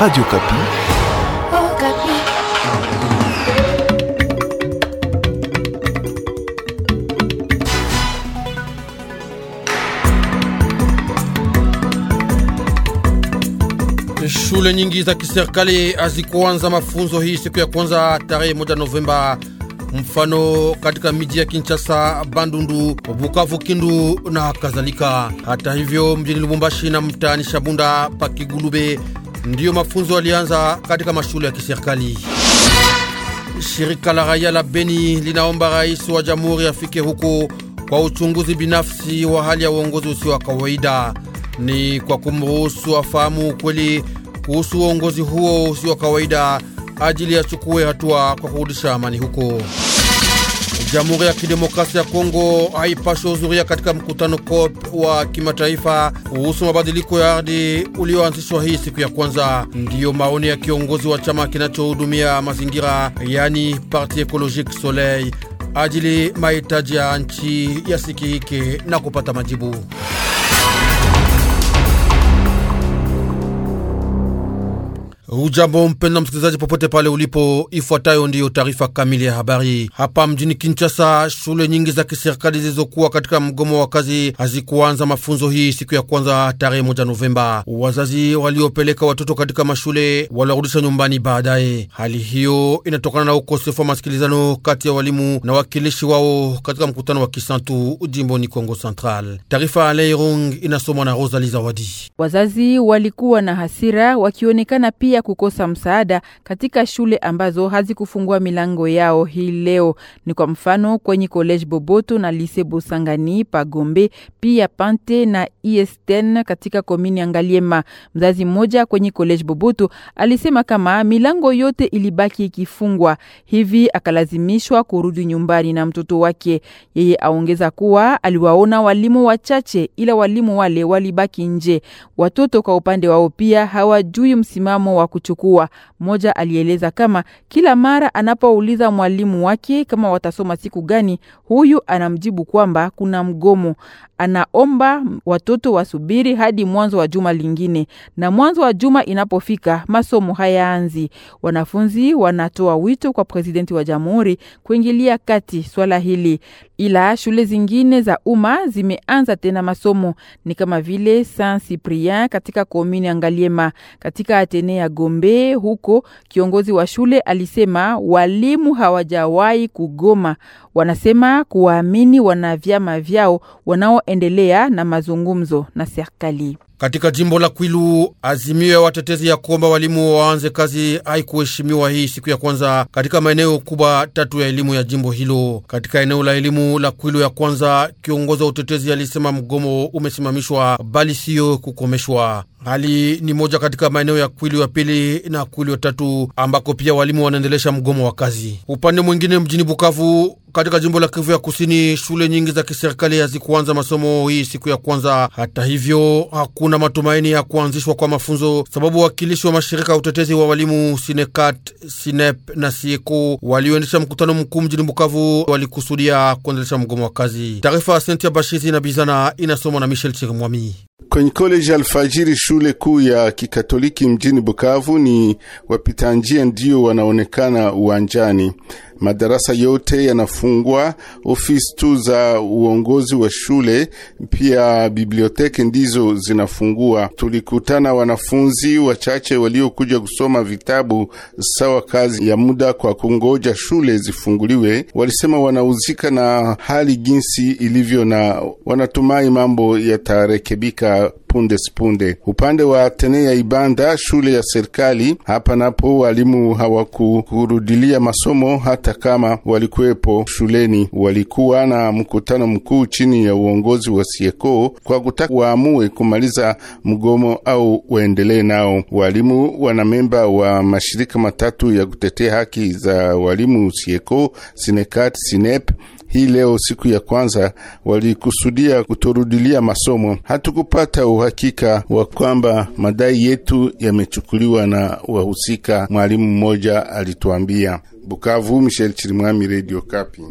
Radio Kapi. Oh, Kapi. Shule nyingi za kiserikali hazikuanza mafunzo hii siku ya kwanza tarehe moja Novemba. Mfano katika miji ya Kinshasa, Bandundu, Bukavu, Kindu na kadhalika. Hata hivyo, mjini Lubumbashi na mtaani Shabunda, Pakigulube ndiyo mafunzo alianza katika mashule ya kiserikali. Shirika la raia la Beni linaomba rais wa jamhuri afike huko kwa uchunguzi binafsi wa hali ya uongozi usio wa kawaida, ni kwa kumruhusu afahamu ukweli kuhusu uongozi huo usio wa kawaida ajili achukue hatua kwa kurudisha amani huko. Jamhuri ya Kidemokrasia ya Kongo haipaswi huzuria katika mkutano COP wa kimataifa kuhusu mabadiliko ya ardhi ulioanzishwa hii siku ya kwanza. Ndiyo maoni ya kiongozi wa chama kinachohudumia mazingira, yani Parti Ecologique Soleil, ajili mahitaji ya nchi yasikike na kupata majibu. Ujambo mpenda msikilizaji, popote pale ulipo, ifuatayo ndiyo taarifa kamili ya habari. Hapa mjini Kinshasa, shule nyingi za kiserikali zilizokuwa katika mgomo wa kazi hazikuanza mafunzo hii siku ya kwanza tarehe moja Novemba. Wazazi waliopeleka watoto katika mashule waliwarudisha nyumbani baadaye. Hali hiyo inatokana na ukosefu wa masikilizano kati ya walimu na wakilishi wao katika mkutano wa Kisantu jimboni Kongo Central. Taarifa ya Leirung inasomwa na Rosali Zawadi. Wazazi walikuwa na hasira wakionekana pia pia kukosa msaada katika shule ambazo hazikufungua milango yao hii leo. Ni kwa mfano kwenye College Boboto na Lise Busangani Pagombe, pia Pante na Iesten katika komini Angaliema. Mzazi mmoja kwenye College Boboto alisema kama milango yote ilibaki ikifungwa, hivi akalazimishwa kurudi nyumbani na mtoto wake. Yeye aongeza kuwa aliwaona walimu wachache, ila walimu wale walibaki nje. Watoto kwa upande wao pia hawajui msimamo wa kuchukua. Mmoja alieleza kama kila mara anapouliza mwalimu wake kama watasoma siku gani, huyu anamjibu kwamba kuna mgomo. Anaomba watoto wasubiri hadi mwanzo wa juma lingine, na mwanzo wa juma inapofika masomo hayaanzi. Wanafunzi wanatoa wito kwa presidenti wa jamhuri kuingilia kati swala hili ila shule zingine za umma zimeanza tena masomo ni kama vile Saint Cyprien katika komini ya Ngaliema katika Atene ya Gombe. Huko kiongozi wa shule alisema walimu hawajawahi kugoma, Wanasema kuwaamini wana vyama vyao wanaoendelea na mazungumzo na serikali. Katika jimbo la Kwilu, azimio ya watetezi ya kuomba walimu waanze kazi haikuheshimiwa hii siku ya kwanza katika maeneo kubwa tatu ya elimu ya jimbo hilo. Katika eneo la elimu la Kwilu ya kwanza, kiongozi wa utetezi alisema mgomo umesimamishwa, bali siyo kukomeshwa. Hali ni moja katika maeneo ya Kwili wa pili na Kwili wa tatu ambako pia walimu wanaendelesha mgomo wa kazi. Upande mwingine, mjini Bukavu katika jimbo la Kivu ya Kusini, shule nyingi za kiserikali hazikuanza masomo hii siku ya kwanza. Hata hivyo, hakuna matumaini ya kuanzishwa kwa mafunzo, sababu wakilishi wa mashirika ya utetezi wa walimu Sinekat, Sinep na Sieko walioendesha mkutano mkuu mjini Bukavu walikusudia kuendelesha mgomo wa kazi. Taarifa ya Sentia Bashizi na Bizana inasomwa na Michel Chirimwami. Kwenye koleji Alfajiri, shule kuu ya Kikatoliki mjini Bukavu, ni wapita njia ndio wanaonekana uwanjani madarasa yote yanafungwa, ofisi tu za uongozi wa shule pia biblioteki ndizo zinafungua. Tulikutana wanafunzi wachache waliokuja kusoma vitabu sawa kazi ya muda kwa kungoja shule zifunguliwe. Walisema wanauzika na hali jinsi ilivyo, na wanatumai mambo yatarekebika punde sipunde. Upande wa ya Ibanda, shule ya serikali hapa, napo walimu hawakurudilia masomo hata hata kama walikuwepo shuleni. Walikuwa na mkutano mkuu chini ya uongozi wa Sieko kwa kutaka waamue kumaliza mgomo au waendelee nao. Walimu wana memba wa mashirika matatu ya kutetea haki za walimu Sieko, Sinekat, Sinep hii leo siku ya kwanza walikusudia kutorudilia masomo. Hatukupata uhakika wa kwamba madai yetu yamechukuliwa na wahusika, mwalimu mmoja alituambia. Bukavu, Michel Chirimwami, Radio Kapi.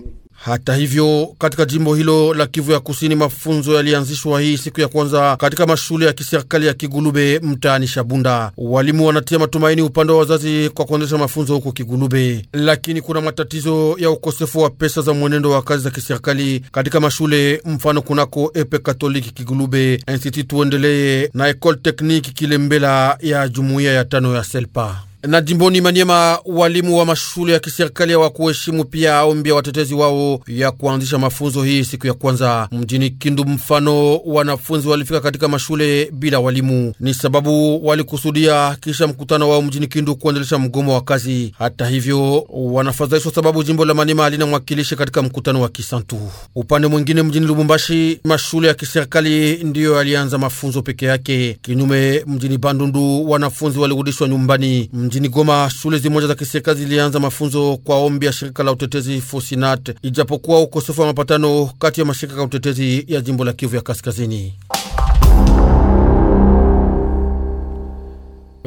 Hata hivyo, katika jimbo hilo la Kivu ya Kusini, mafunzo yalianzishwa hii siku ya kwanza katika mashule ya kiserikali ya Kigulube mtaani Shabunda. Walimu wanatia matumaini upande wa wazazi kwa kuanzisha mafunzo huko Kigulube, lakini kuna matatizo ya ukosefu wa pesa za mwenendo wa kazi za kiserikali katika mashule, mfano kunako Epe Katoliki Kigulube, Institut Tuendeleye na Ecole Tekniki Kilembela ya jumuiya ya tano ya Selpa na jimboni Maniema, walimu wa mashule ya kiserikali hawakuheshimu pia ombi ya watetezi wao ya kuanzisha mafunzo hii siku ya kwanza mjini Kindu. Mfano, wanafunzi walifika katika mashule bila walimu, ni sababu walikusudia kisha mkutano wao mjini Kindu kuendelesha mgomo wa kazi. Hata hivyo, wanafadhaishwa sababu jimbo la Maniema halina mwakilishi katika mkutano wa Kisantu. Upande mwingine, mjini Lubumbashi, mashule ya kiserikali ndiyo yalianza mafunzo peke yake. Kinyume, mjini Bandundu, wanafunzi walirudishwa nyumbani. Mjini Goma, shule zimoja za kiserikali zilianza mafunzo kwa ombi ya shirika la utetezi Fosinat, ijapokuwa ukosefu wa mapatano kati ya mashirika ya utetezi ya jimbo la Kivu ya Kaskazini.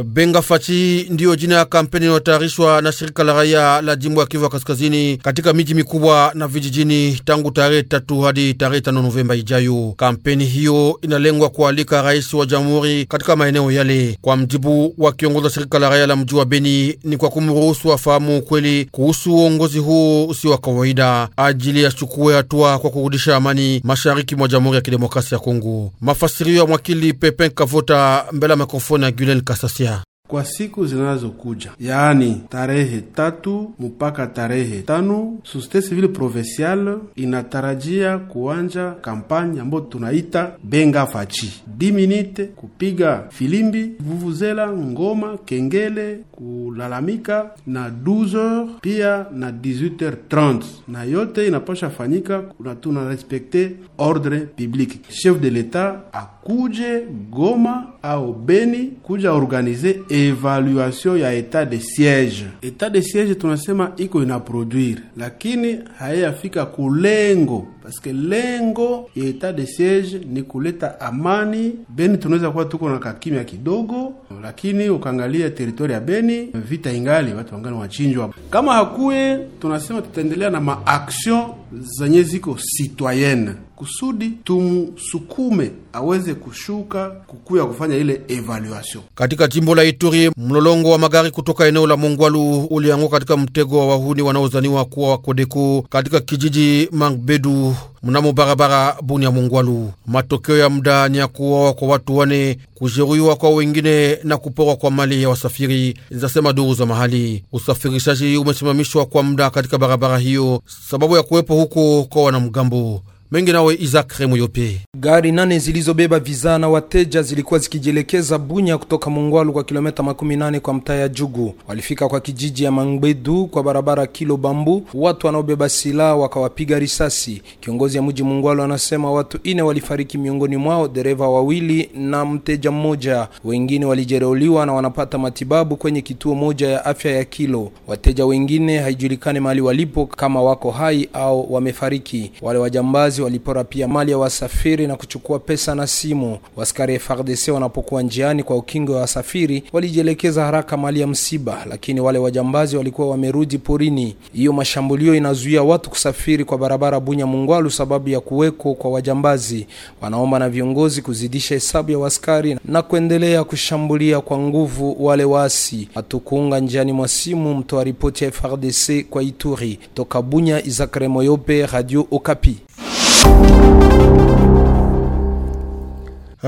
Benga Fachi ndiyo jina ya kampeni inayotayarishwa na shirika la raia la jimbo ya Kivu ya Kaskazini katika miji mikubwa na vijijini tangu tarehe tatu hadi tarehe tano Novemba ijayo. Kampeni hiyo inalengwa kualika rais wa jamhuri katika maeneo yale. Kwa mjibu wa kiongozi wa shirika la raia la mji wa Beni, ni kwa kumruhusu afahamu ukweli kuhusu uongozi huo usio wa kawaida, ajili ya yachukue hatua kwa kurudisha amani mashariki mwa jamhuri ya kidemokrasia ya Kongo. Mafasirio ya mwakili Pepin Kavota mbele ya mikrofoni ya Gulen Kasasia kwa siku zinazokuja, yaani tarehe tatu mpaka tarehe tano, Societe Civile Provinciale inatarajia kuanja kampanya ambayo tunaita benga fachi di kupiga filimbi, vuvuzela, ngoma, kengele, kulalamika na 12h pia na 18h30, na yote inapasha fanyika na tuna respecte ordre public. Chef de l'etat akuje Goma au Beni kuja organize evaluation ya etat de siege. Etat de siege tunasema iko inaproduire, lakini haiyafika kulengo, paske lengo ya etat de siege ni kuleta amani. Beni tunaweza kuwa tuko na kakimya kidogo, lakini ukaangalia teritori ya Beni vita ingali, watu wangali wachinjwa. Kama hakuye, tunasema tutaendelea na maaction zenye ziko citoyenne kusudi tumsukume aweze kushuka kukuya kufanya ile evaluation. Katika jimbo la Ituri, mlolongo wa magari kutoka eneo la Mongwalu ulianguka katika mtego wa wahuni wanaozaniwa kuwa wa Kodeko katika kijiji Mangbedu mnamo barabara Bunia Mongwalu. Matokeo ya muda ni ya kuwawa kwa watu wane, kujeruhiwa kwa wengine na kuporwa kwa mali ya wasafiri, zinasema duru za mahali. Usafirishaji umesimamishwa kwa muda katika barabara hiyo sababu ya kuwepo huko kwa wanamgambo mengi nawe Isaac Remuyope. Gari nane zilizobeba vizaa na wateja zilikuwa zikijielekeza Bunya kutoka Mungwalu kwa kilomita makumi nane kwa mtaa ya Jugu. Walifika kwa kijiji ya Mangbedu kwa barabara Kilo Bambu, watu wanaobeba silaha wakawapiga risasi. Kiongozi ya mji Mungwalu anasema watu ine walifariki, miongoni mwao dereva wawili na mteja mmoja. Wengine walijeruhiwa na wanapata matibabu kwenye kituo moja ya afya ya Kilo. Wateja wengine haijulikani mahali walipo, kama wako hai au wamefariki. Wale wajambazi walipora pia mali ya wasafiri na kuchukua pesa na simu. Waskari frdc wanapokuwa njiani kwa ukingo wa wasafiri, walijielekeza haraka mali ya msiba, lakini wale wajambazi walikuwa wamerudi porini. Hiyo mashambulio inazuia watu kusafiri kwa barabara Bunya Mungwalu sababu ya kuweko kwa wajambazi. Wanaomba na viongozi kuzidisha hesabu ya waskari na kuendelea kushambulia kwa nguvu wale waasi. Hatukuunga njiani mwa simu, mtoa ripoti ya frdc kwa Ituri toka Bunya, Izakare Moyope, Radio Okapi. うん。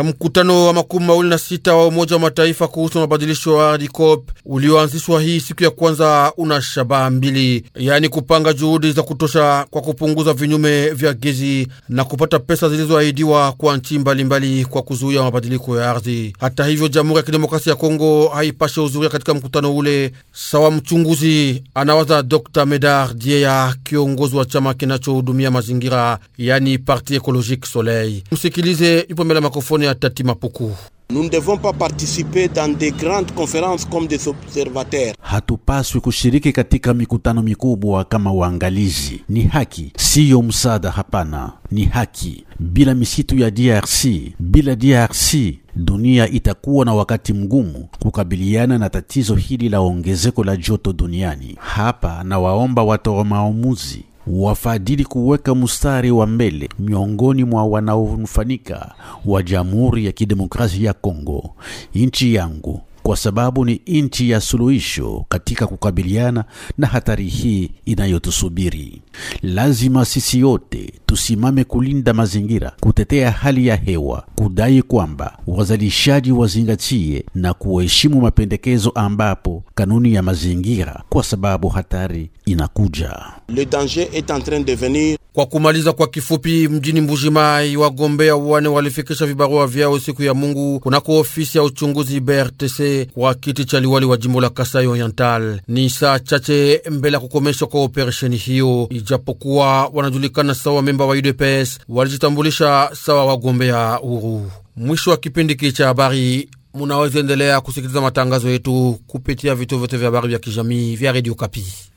Mkutano wa makumi mawili na sita wa Umoja wa Mataifa kuhusu mabadilisho ya ardhi COP ulioanzishwa hii siku ya kwanza una shabaha mbili, yaani kupanga juhudi za kutosha kwa kupunguza vinyume vya gezi na kupata pesa zilizoahidiwa kwa nchi mbalimbali kwa kuzuia mabadiliko ya ardhi. Hata hivyo, Jamhuri ya Kidemokrasia ya Kongo haipashe uzuria katika mkutano ule sawa mchunguzi, anawaza Dr Medard Dieya, kiongozi wa chama kinachohudumia mazingira, yaani Parti Ecologique Soleil. Msikilize yupo mbele ya makofoni ya Tati Mapuku. Nous ne devons pas participer dans des grandes conférences comme des observateurs. Hatupaswi kushiriki katika mikutano mikubwa kama waangalizi. Ni haki, siyo msaada. Hapana, ni haki. Bila misitu ya DRC, bila DRC dunia itakuwa na wakati mgumu kukabiliana na tatizo hili la ongezeko la joto duniani. Hapa na waomba watoa maamuzi wafadhili kuweka mstari wa mbele miongoni mwa wanaonufanika wa Jamhuri ya Kidemokrasia ya Kongo, nchi yangu, kwa sababu ni nchi ya suluhisho katika kukabiliana na hatari hii inayotusubiri. Lazima sisi yote tusimame kulinda mazingira, kutetea hali ya hewa, kudai kwamba wazalishaji wazingatie na kuheshimu mapendekezo ambapo kanuni ya mazingira, kwa sababu hatari inakuja. Le danger est en train de Kwa kumaliza kwa kifupi, mjini Mbujimai wagombea wane walifikisha vibarua vyao siku ya Mungu kunako ofisi ya uchunguzi BRTC kwa kiti cha liwali wa jimbo la Kasai Oriental. Ni saa chache mbele ya kukomeshwa kwa operesheni hiyo, ijapokuwa wanajulikana sawa memba wa UDPS walijitambulisha sawa wagombea huru. Mwisho wa kipindi hiki cha habari, munaweza endelea kusikiliza matangazo yetu kupitia vituo vyote vya habari vya kijamii vya redio Kapi.